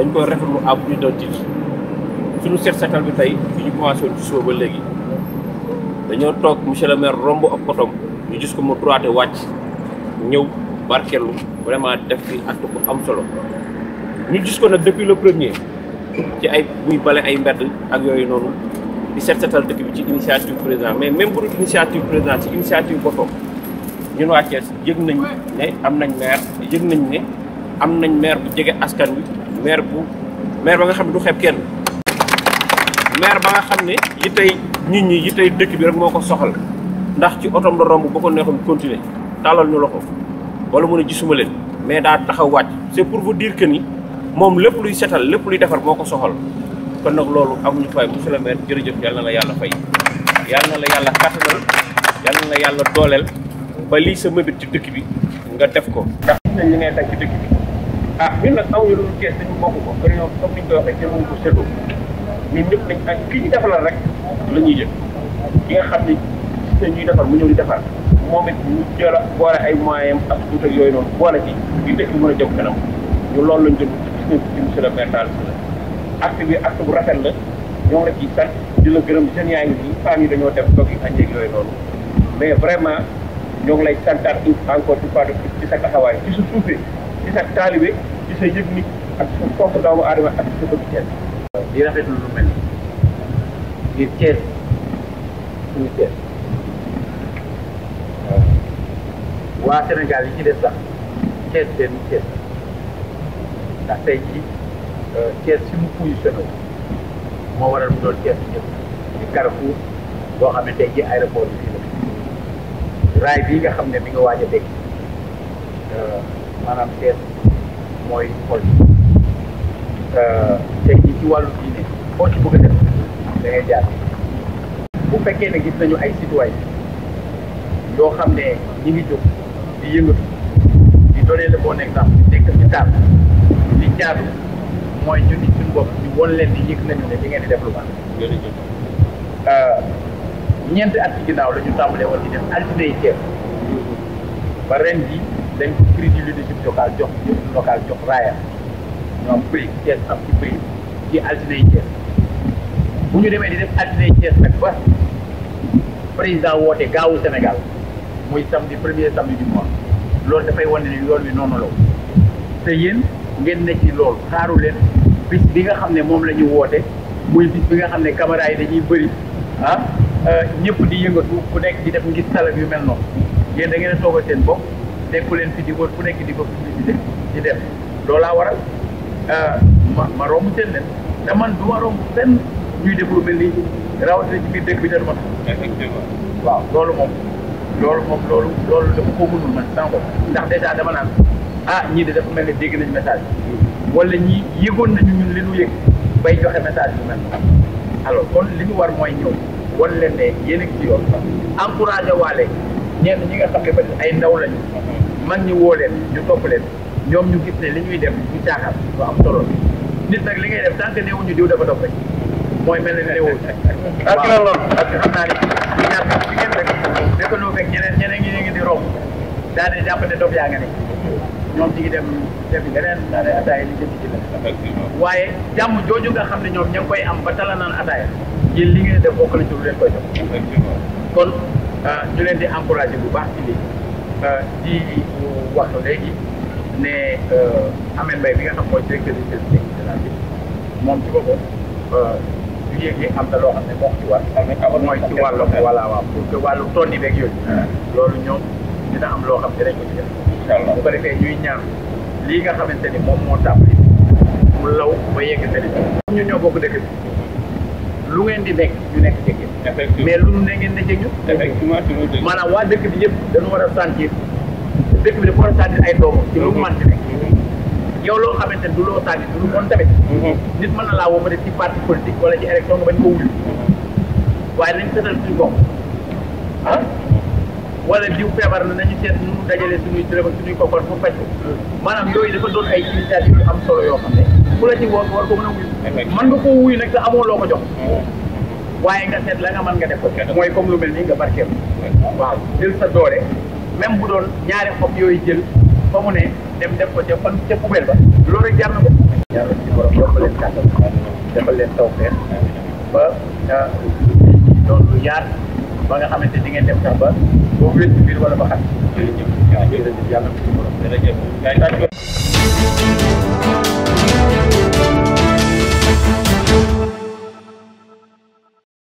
dañ koy rafetlu à plus d'un titre suñu seet sakal bi tey ñu commencé woon ci suba ba léegi dañoo toog monsieur le maire romb ak potom ñu gis ko mu droité wàcc ñëw lu vraiment def fi acte bu am solo ñu gis ko nag depuis le premier ci ay muy bale ay mbedd ak yooyu noonu di set setal dëkk bi ci initiative président mais même bu initiative président ci initiative boppam ñun waa Thiès yëg nañ ne am nañ maire yëg nañ ne am nañ maire bu jege askan wi maire bu maire ba nga xam ne du xeeb kenn maire ba nga xam ne yi tey nit ñi yi tey dëkk bi rek moo ko soxal ndax ci otoom la romb ba ko neexoon continuer tàllal ñu loxo wala mu ne gisuma leen mais daa taxaw wàcc c'est pour vous dire que ni moom lépp luy setal lépp luy defar moo ko soxal kon nag loolu amuñu fay monsieur le maire jërëjëf yal na la yàlla fay yàlla na la yàlla kattanal yal na la yàlla dooleel ba lii sa mëbit ci dëkk bi nga def ko ndax li ngay daj ci ah ñun nag amuñu lu Thiès dañu bokk ko dañoo comme ni ñu koy waxee jëloon ko seetlu ak ki ñu defalal rek la ñuy jël ki nga xam ne gis ñuy defar mu ñëw di defar moom it ñu jël boole ay moyens ak tuut yooyu noonu boole ci di dëkk mën a jëm kanam ñu loolu lañ jëm gis nañ ci monsieur le acte bi acte bu rafet la ñoo ngi la ciy sant di la gërëm jeunes yaa ngi fi femmes yi dañoo def toog yi añeeg yooyu noonu mais vraiment ñoo ngi lay santaat encore une fois de plus ci sa taxawaay ci su suufee ci sa taalibe ci sa yëg nit ak sa fonk doomu aadama ak sa bëgg Cees di rafetlu lu mel ngir Cees suñu Cees waa Sénégal yi ci des sax Cees seen Cees ndax tey ci euh, Cees si mu positionné moo waral mu doon Cees ñëpp di Carrefour xam ne tey bi fii la raay bii nga xam ne mi nga waaj a dégg euh, maanaam seet mooy xol euh, tey jii ci wàllu diine foo ci bëgg a def da ngay jaar bu fekkee ne gis nañu ay citoyen yoo xam ne ñi ngi jóg di yëngatu di donner le bon exemple di nekk ci taal mooy ñu nit suñu bopp ñu won leen di yëg nañu ne li ngeen di def lu baax euh, ñeenti at ci ginnaaw la ñu tàmbalee woon di def dañ ko crédit du leadership local jox local jox raaya ñoom prix Thiès am ci prix ci altine yi bu ñu demee di def altine yi Thiès nag ba président woote gaawu Sénégal muy samedi premier samedi du mois loolu dafay wane ne yoon wi noonu la te yéen ngeen ne ci lool xaaru leen bis bi nga xam ne moom la ñu woote muy bis bi nga xam ne caméra yi dañuy bëri ah euh, ñëpp di yëngatu ku nekk di def ngir salak yu mel noonu yéen da ngeen a toogal seen bopp. nekku leen fi di wër fu nekk di ko publicité di def loolaa waral euh, ma ma romb seen leen te man du ma romb fenn ñuy def lu mel ni rawatina ci biir dëkk bi te du ma effectivement waaw loolu moom loolu moom loolu loolu dafa ko mënul man sans bopp ndax dèjà dama naan ah ñii de dafa mel ne dégg nañ message wala ñii yëgoon nañu ñun li ñu yëg bay joxe message bu mel alors kon li ñu war mooy ñëw wan leen ne yéen a ngi ci yoon encouragé waale ñenn ñi nga xam ne ba ay ndaw lañu mag ñi woo leen ñu topp leen ñoom ñu gis ne li ñuy def ñu caaxaan lu am solo nit nag li ngay def tant que néew ñu diw dafa dof rek mooy mel ne néewul. ak loolu parce que xam naa ne ñaar ñi ngeen rek fekk noo fekk ñeneen ñeneen ñi ngi di romb daal di jàpp ne dof yaa nga ne ñoom ñu ngi dem def leneen daal di ataaya li jëm ci la. waaye jàmm jooju nga xam ne ñoom ña ngi koy am ba tala naan ataaya yéen li ngeen def bokk na ci lu leen koy jox. kon ah, ñu leen di encouragé bu baax ci lii. ji ñu wax léegi ne euh, Ameth Mbaye bi nga xam mooy directeur des services de la ville moom ci boppam du euh, yéegee am na loo xam ne moo ci war. mooy ci wàllu voilà waaw pour que wàllu tool yi beeg yooyu. Ah. loolu ñoom dina am loo xam ne dañ ko ci bu ko defee ñuy ñaan lii nga xamante ni moom moo tàmbali mu law ba yegg seen i. ñun ñoo bokk dëkk bi. lu ngeen di nekk ñu nekk ci effectivement mais lu ne ngeen ne ci ñun. effectivement maanaam waa dëkk bi yëpp dañu war a sentir dëkk bi dafa war a ay doomam. ci lu mu di nekk. Mhm. yow loo xamante ne du loo sentir du lu bon tamit. Mhm. nit mën na laa woo ba def ci parti politique wala ci élection nga bañ ko wuyu. Mhm. waaye nañ seetal suñu bopp ah. wala diw feebar na nañu seet nu dajale suñuy dërëm ak suñuy koppar mu faj ko maanaam yooyu dafa doon ay initiative yu am solo yoo xam ne ku la ko mën a wuyu man nga koo ko jox waaye nga seet la nga mën nga def ko mooy comme lu mel nii nga barkeel waaw jël sa doole même bu doon ñaari xob yooyu jël fa mu ne dem def ko ca fan ca poubelle ba loolu rek jar na ko leen kàttan defal leen taw feex ba ah, doon lu yaar ba nga xamante ni ngeen dem sax ba boo wér ci biir wala ba xam jërëjëf waaw jërëjëf yàlla na ko borom jërëjëf